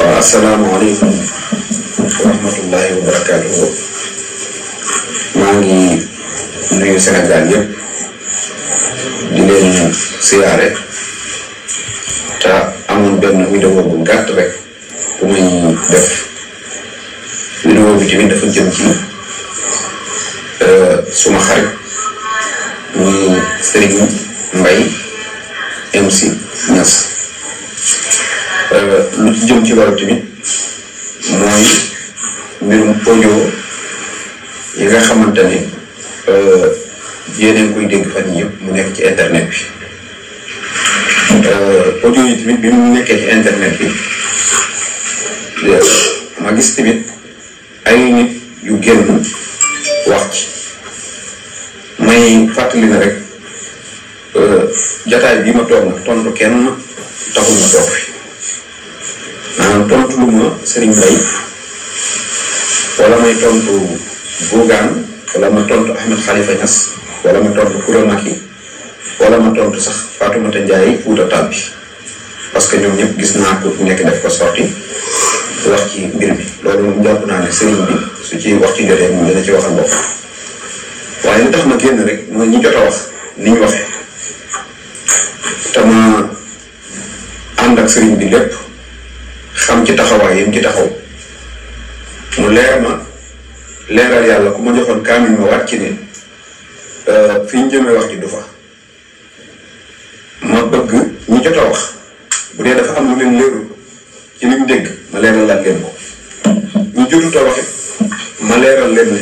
Assalamualaikum warahmatullahi wa rahmatullahi wa nuyu di leen siaran. te amoon benn vidéo bu gàtt rek bu may def vidéo bi tamit dafa jëm ci eh, suma xarit muy Serigne MC lu ci jëm ci loolu tamit mooy mbirum audio yi nga xamante ne euh, yéeneen koy dégg fan yëpp mu nekk ci internet bi euh, bi euh, ma gis tamit ay nit yu génn wax ci may fàttali na rek jataay bi ma toog na tontu kenn taxul ma toog fi Nah, manam tontu ma serigne lay wala may tontu gogan wala ma tontu ahmed khalifa nas wala ma tontu fura maki wala ma tontu sax fatoumata ndiaye fouta tabbi parce que ñoom ñëpp gis naa ko nekk def ko sorti wax ci mbir bi loolu moom jàpp naa ne sëriñ bi su ci wax ci jotee moom dana ci waxal bopp waaye tax ma rek ñi wax ni ñu ak bi am ci taxawaay yi mu ci taxaw mu leer leeral yàlla ku ma joxoon kaamil ma euh, fi ñu jëmee wax ji du fa ma bëgg ñu jot a wax bu dee dafa am lu leen leerul ci li mu dégg ma leeralaat leen ko ñu jotut wax maanaam lu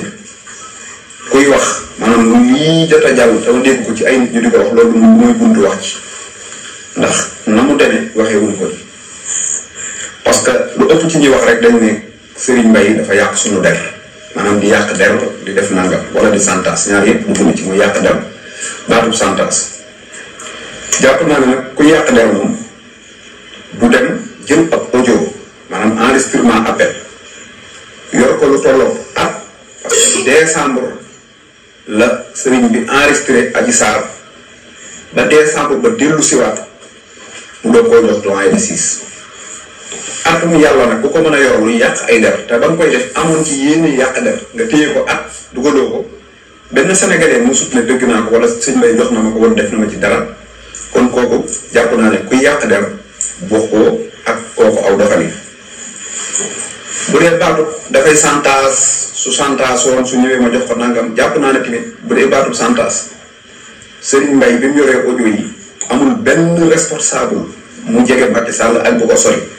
jot a jàll te ma dégg ko ci ay nit ñu di ko wax loolu mooy buntu wax ci ndax na mu demee waxee wuñ ko. te lu ëpp ci ñuy wax rek dañ ne Serigne Mbaye dafa yàq suñu der di yàq der di def nangam wala di santas ñaar yëpp mu ci mu yàq der baatub santas jàpp naa ne nag ku yàq der moom du dem jël ab audio maanaam enregistrement appel yor ko lu tolloo at décembre la sëriñ bi enregistré aji saar ba décembre ba dellu siwaat mu doon koy jox doyen de six atum yalla nak bu ko meuna yor lu yak ay der ta bang koy def amon ci yéene yak der nga téye ko ak du ko ben sénégalais mu sut ne dëgg naa ko wala seigne mbay jox na mako won def na ma ci dara kon kooku japp na ne ku yàq der bokkoo ak kooku aw ni bu batu da fay santas su santaas won su ñewé ma jox ko nangam japp na ne timit bu dee baatu santaas sëriñ mbay bi mu yoré audio yi amul ben responsable mu jégué Macky Sall ak bu ko sori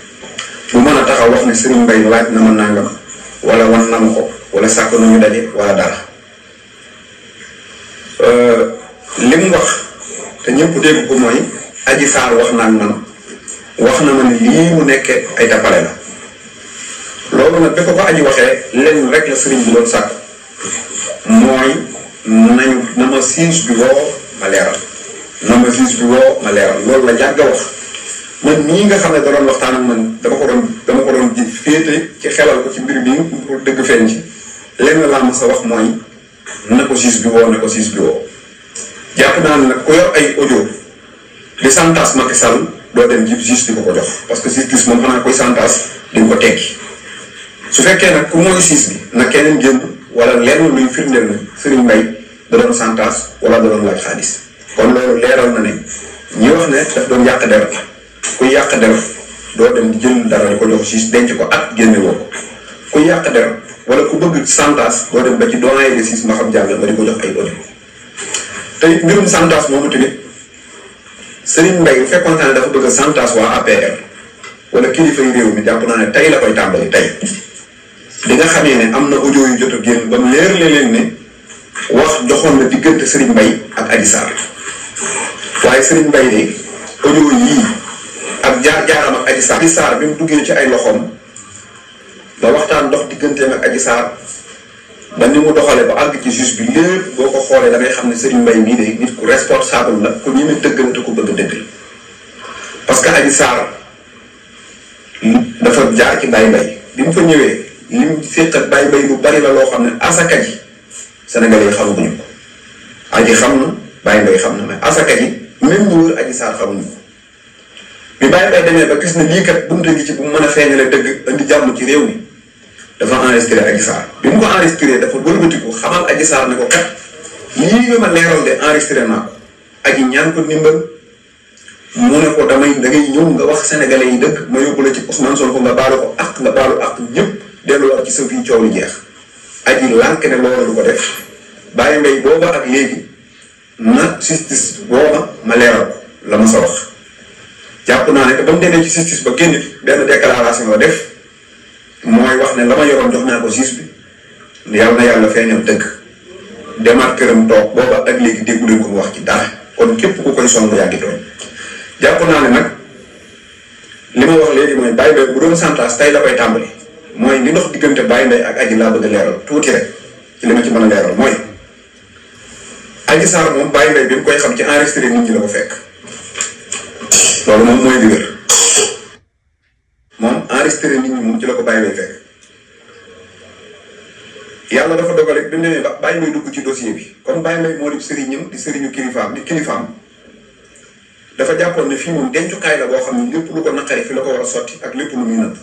mu mën a taxaw wax ne Serigne Mbaye laaj na ma na wala wan na ma ko wala sàkk nañu ñu daje wala dara euh, li wax te ñëpp dégg ko mooy aji saar wax naa man wax na ma ne lii mu nekkee ay tapale la loolu nag bi ko ko aji waxee lenn rek la Serigne bi doon sàkk mooy nañu na ma siis bi woo ma leeral na ma siis bi woo ma leeral loolu la yàgg a wax. man mii nga xam ne da doon waxtaan ak man dama ko doon dama ko doon ji féete ci xelal ko ci mbir mi dëgg feeñ ci lenn laa mës a wax mooy na ko siis bi woo na ko siis bi woo jàpp naa ne nag ku yor ay audio di santaas Macky Sall doo dem ji siis di ko ko jox parce que justice moom xanaa koy santaas di ko tekki su fekkee nag ku mooy siis bi na keneen génn wala lenn luy firndeel na Serigne Mbaye da doon santaas wala da doon laaj xaalis kon loolu leeral na ne ñi ne daf doon yàq ku yàq der doo dem di jënd dara ñu ko jox si denc ko at génne ko ku yàq der wala ku bëgg santas doo dem ba ci doyen de siis ma xam jàng nga di ko jox ay audio te it mbirum santas moomu tamit Serigne Mbaye bu fekkoon ne dafa bëgg santas waa APR wala kilifa yu réew mi jàpp naa ne tey la koy tàmbali tey di nga xamee ne am na audio yu jot a génn ba mu leer leen ne wax joxoon na diggante Serigne Mbaye ak Adji Sarr waaye Serigne Mbaye de audio yii. ak jaar-jaaram ak Adji Sarr. Adji Sarr bi mu duggee ci ay loxoom ba waxtaan dox digganteem ak Adji Sarr ba ni mu doxalee ba àgg ci juge bi lépp boo ko xoolee da ngay xam ne Serigne Mbaye mii day nit ku responsable la ku ñeme dëggante ku bëgg dëgg parce que Adji Sarr dafa jaar ci Baye Mbaye bi mu fa ñëwee li mu séq ak Baye Mbaye lu bari la loo xam ne asaka ji Sénégalais yi xamaguñu ko aji xam na Baye Mbaye xam na mais asaka ji même bu wër Adji Sarr xamuñu ko. bi bàyyi bay demee ba gis na lii kat bunte gi ci bu mu mën a feeñale dëgg indi jàmm ci réew mi dafa enregistré Adji Sarr bi mu ko enregistré dafa wëlbatiku xamal Adji Sarr ne ko kat lii nga ma leeral de enregistré naa ko Adji ñaan ko ndimbal mu ne ko damay da ngay ñëw nga wax sénégalais yi dëkk ma yóbbu la ci Ousmane Sonko nga baalu ko ak nga baalu ak ñëpp delluwaat ci sa fii coow li jeex. Adji lànk ne loolu du ko def bàyyi mbay booba ak léegi ma justice booba ma leeral la ma sa wax. jàpp naa ne que ba mu demee ci siis ba génn benn déclaration la def mooy wax ne la ma yoroon jox naa ko justice bi yal na yàlla feeñal dëgg demaat këram toog booba ak léegi déggu leen ko wax ci dara kon képp ko koy song yaa ngi doon jàpp naa ne nag li ma wax léegi mooy bàyyi mbay bu doon santaas tey la koy tàmbali mooy li dox diggante bàyyi mbay ak aji laa bëgg a tuuti rek ci li ma ci mën a leeral mooy aji Sarr moom bàyyi mbay bi mu ci enregistré nit ñi fekk. loolu moom mooy li wér moom enregistré nit ñi moom ci la ko bàyyi may fekk yàlla dafa dogale bi mu ne nii bàyyi may dugg ci dossier bi kon bàyyi may moo di sëriñam di sëriñu kilifaam di kilifaam dafa jàppoon ne fi moom dencukaay la boo xam ne lépp lu ko naqaree fi la ko war a sotti ak lépp lu muy natt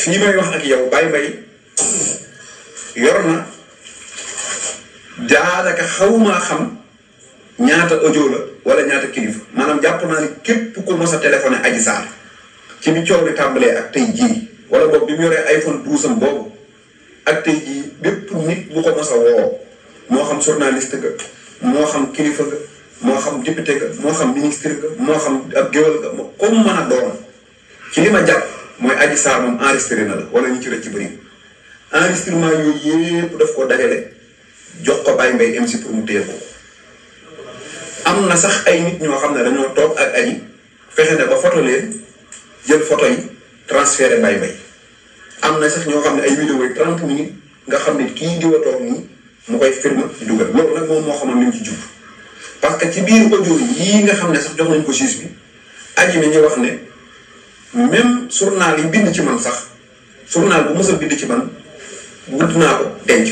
fii may wax ak yow bàyyi may yor na daanaka xawumaa xam ñaata audio la wala ñaata kilifa maanaam jàpp naa ne képp ku mos a téléphoné Adji Sarr ci bi coow li tàmbalee ak tey jii wala boobu bi mu yoree iPhone 12 am boobu ak tey jii bépp nit bu ko mos a moo xam journaliste nga moo xam kilifa nga moo xam député moo xam ministre nga moo xam ab géwal nga comme mën a doon ci li ma jàpp mooy aji Sarr moom enregistré na la wala ñu ci rëcc bëri enregistrement yooyu yëpp daf ko dajale jox ko bàyyi ngay MC pour mu téye am na sax ay nit ñoo xam ne dañoo toog ak ay fexe ne ba photo leen jël photo yi transféré bay mbay am na sax ñoo xam ne ay vidéo yi trente minutes nga xam ne kii diwa toog nii mu koy firme dugal loolu nag moom moo xam ni mu ci jub parce que ci biir ko audio yii nga xam ne sax jox nañ ko juge bi aji mi ñu wax ne même journal yi bind ci man sax journal bu mos a bind ci man wut naa ko denc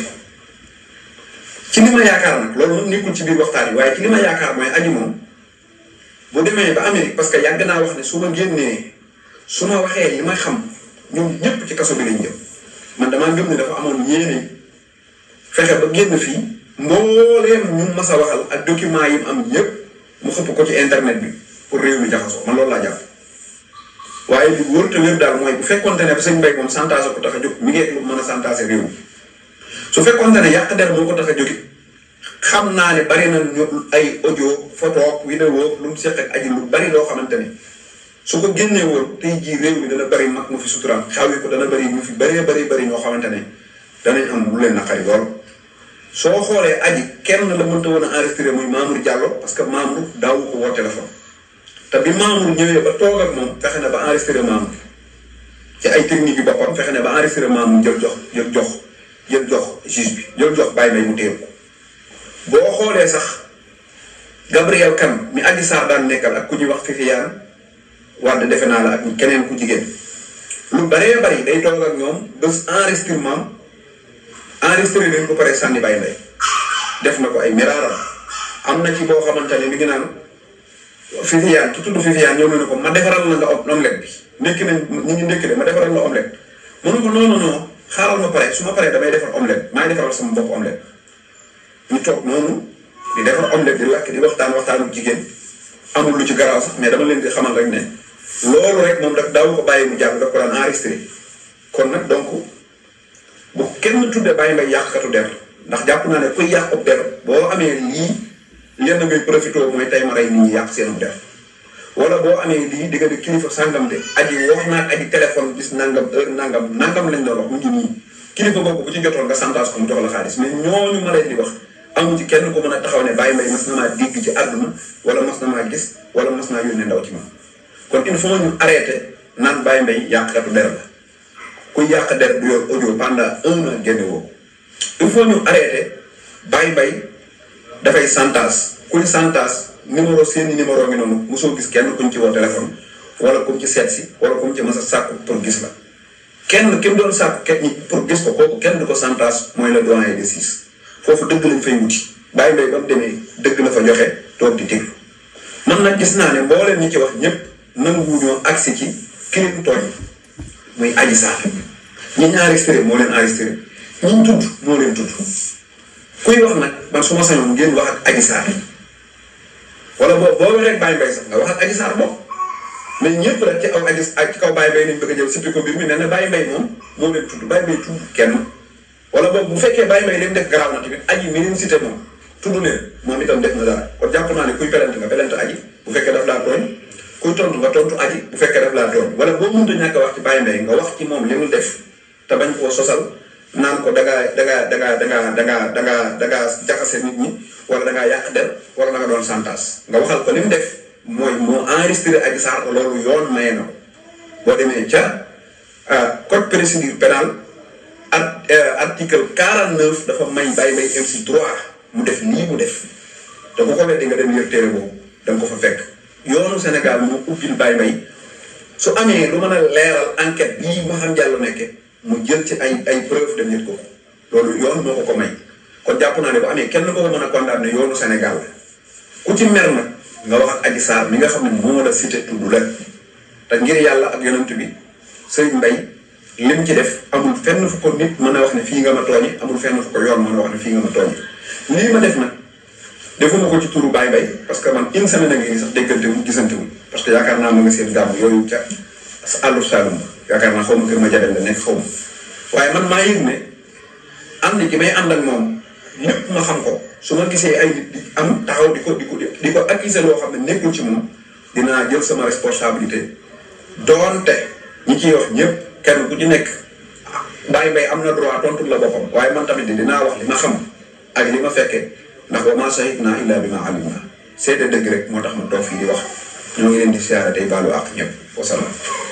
ci li ma yaakaar nag loolu nekkul ci biir waxtaan yi waaye ci li ma yaakaar mooy aji moom bu demee ba Amérique parce que yàgg naa wax ne su ma génnee su ma waxee li ma xam ñoom ñëpp ci kaso bi lañ jëm man damaa gëm ne dafa amoon yéene fexe ba génn fii mbooleem ñu ma a waxal ak document yi mu am yëpp mu xëpp ko ci internet bi pour réew mi jaxasoo man loolu laa jàpp. waaye li wóor te wér daal mooy bu fekkonte ne sëñ Mbaye moom santaase ko tax a jóg mi ngi lu mën a su fekkonte ne yàq der moo ko tax a jóg xam naa ne bari na ñu ay ojo photo ak vidéo lu mu seqe ak aji lu bari loo xamante ne su ko génnee woon tey jii réew mi dana bari mag mu fi suturaan xawi ko dana bari mu fi bari bari bari ñoo xamante ne danañ am lu leen naqari lool. soo xoolee aji kenn la mënta woon a enregistré muy Mamour Diallo parce que Mamour daawu ko woo téléphone te bi Mamour ñëwee ba toog ak moom fexe na ba enregistré Mamour ci ay technique yu boppam fexe na ba enregistré Mamour jël jox jël jox juge bi jël jox bàyyi may mu téye ko boo xoolee sax Gabriel Kane mi Adji Sarr daan nekkal ak ku ñuy wax Fifi Yane Wade defe naa la ak keneen ku jigéen lu baree bari day toog ak ñoom bés enregistrement enregistré nañ ko pare sànni bàyyi may def na ko ay miraaram am boo xamante ne mi ngi naan Fifi Yane ki tudd Fifi Yane ñëw na ne ko ma defaral la nga omelette bi nekk nañ ñu nekk de ma defaral la omelette mënu ko non non non xaaral ma pare su ma pare damay defar omelette maa ngi defaral sama bopp omelette ñu toog noonu di defar omelette di lakk di waxtaan waxtaanu jigéen amul lu ci garaaw sax mais dama leen di xamal rek ne loolu rek moom daf daaw ko bàyyi mu jàng daf ko daan kon nag donc bu kenn tuddee bàyyi mbay yàqkatu der ndax jàpp naa ne kuy yàq ab der boo amee lii lenn ngay profité mooy tey ma rey nit ñi yàq seen der wala boo amee lii di nga ne kilifa sangam de aji wax naa aji téléphone gis nangam heure nangam nangam lañ doon wax mu ngi nii kilifa boobu bu ci jotoon nga santaas ko mu jox la xaalis mais ñooñu ma leen di wax amu ci kenn ko mën a taxaw ne bàyyi mbay mas na maa dégg ci àdduna wala mas na gis wala mas naa yónnee ndaw ci ma kon il faut ñu naan bàyyi mbay yàqatu der kuy yàq der du yor audio pendant un an génne ñu arrêté bàyyi mbay dafay santaas kuy santaas numéro seeni numéro ngi noonu mosoo gis kenn kuñ ci woo téléphone wala kuñ ci seet si wala kuñ ci mës a sàkku pour gis la kenn kim doon sàkku kenn ñi pour gis ko kooku kenn du ko santaas mooy le doyen des six foofu dëgg lañ fay wuti bàyyi mbay ba mu demee dëgg la fa joxe toog di déglu man gis naa ne mbooleen ñi ci wax ñëpp nanguwuñoo agsi ci kilimu tooñ muy aji saar ñi ñu enregistré moo leen enregistré ñi ñu tudd moo leen tudd kuy wax nag man su ma sañoon ngeen wax ak aji saar wala boo boo waxee Baye Mbaye sax nga waxal Adji Sarr bopp mais ñëpp rek ci aw Adji ak kaw Baye Mbaye nañu bëgg a jël sippi ko mbir mi nee na Baye Mbaye moom moo leen tudd kenn wala bu fekkee Baye Mbaye leen def garaaw na tamit aji mi leen cité moom tudd ne moom itam def na dara kon jàpp naa ne kuy pelante nga pelante aji bu fekkee daf laa tooñ kuy tontu nga tontu yi bu fekkee daf laa tooñ wala boo mënta ñàkk a wax ci Baye Mbaye nga wax ci moom li mu def te bañ koo sosal naan ko da ngaa da ngaa da ngaa da ngaa da ngaa nit ñi wala dangaa yàq der wala da nga doon santaas nga waxal ko li mu def mooy moo enregistré Adji Sarr loolu yoon maye na ko boo demee ca code procédure pénale art article quarante neuf dafa may bàyyi bay MC droit mu def nii mu def te bu ko weddi nga dem yër téere boobu da ko fa fekk yoonu Sénégal moo ubbil bàyyi bay su amee lu mën a leeral enquête bii ma xam jàll nekke mu jël ci ay ay preuve de nit ko loolu yoon moo ko ko may kon jàpp naa ne bu amee kenn ko ko mën a condamné yoonu Sénégal la ci mer nag nga wax ak Adji Sarr mi nga xam ne moo la cité tudd la te ngir yàlla ak yonent bi Serigne Mbaye lim ci def amul fenn fu ko nit mën wax ne fii nga ma tooñi amul fenn fu ko yoon mën a wax ne fii nga ma tooñi lii ma def nag defuma ko ci turu Baye Mbaye parce que man une semaine a ngi sax parce que yaakaar naa ma nga seen gàmm yooyu ca àllu Saloum yaakaar na xaw ma kër ma jadem la nekk xaw ma waaye man maa yëg ne ànd gi may ànd ak moom lépp ma xam ko su ma gisee ay di am taxaw di ko di ko di ko ak accuser loo xam ne nekkul ci moom dinaa jël sama responsabilité doonte ñi ciy wax ñëpp kenn ku ci nekk bàyyi mbay am na droit tontu la boppam waaye man tamit dinaa wax li ma xam ak li ma fekkee ndax wa maa naa illaa bi naa alim naa seede dëgg rek moo tax ma toog fii wax ñoo ngi leen di siyaare tey baalu àq ñëpp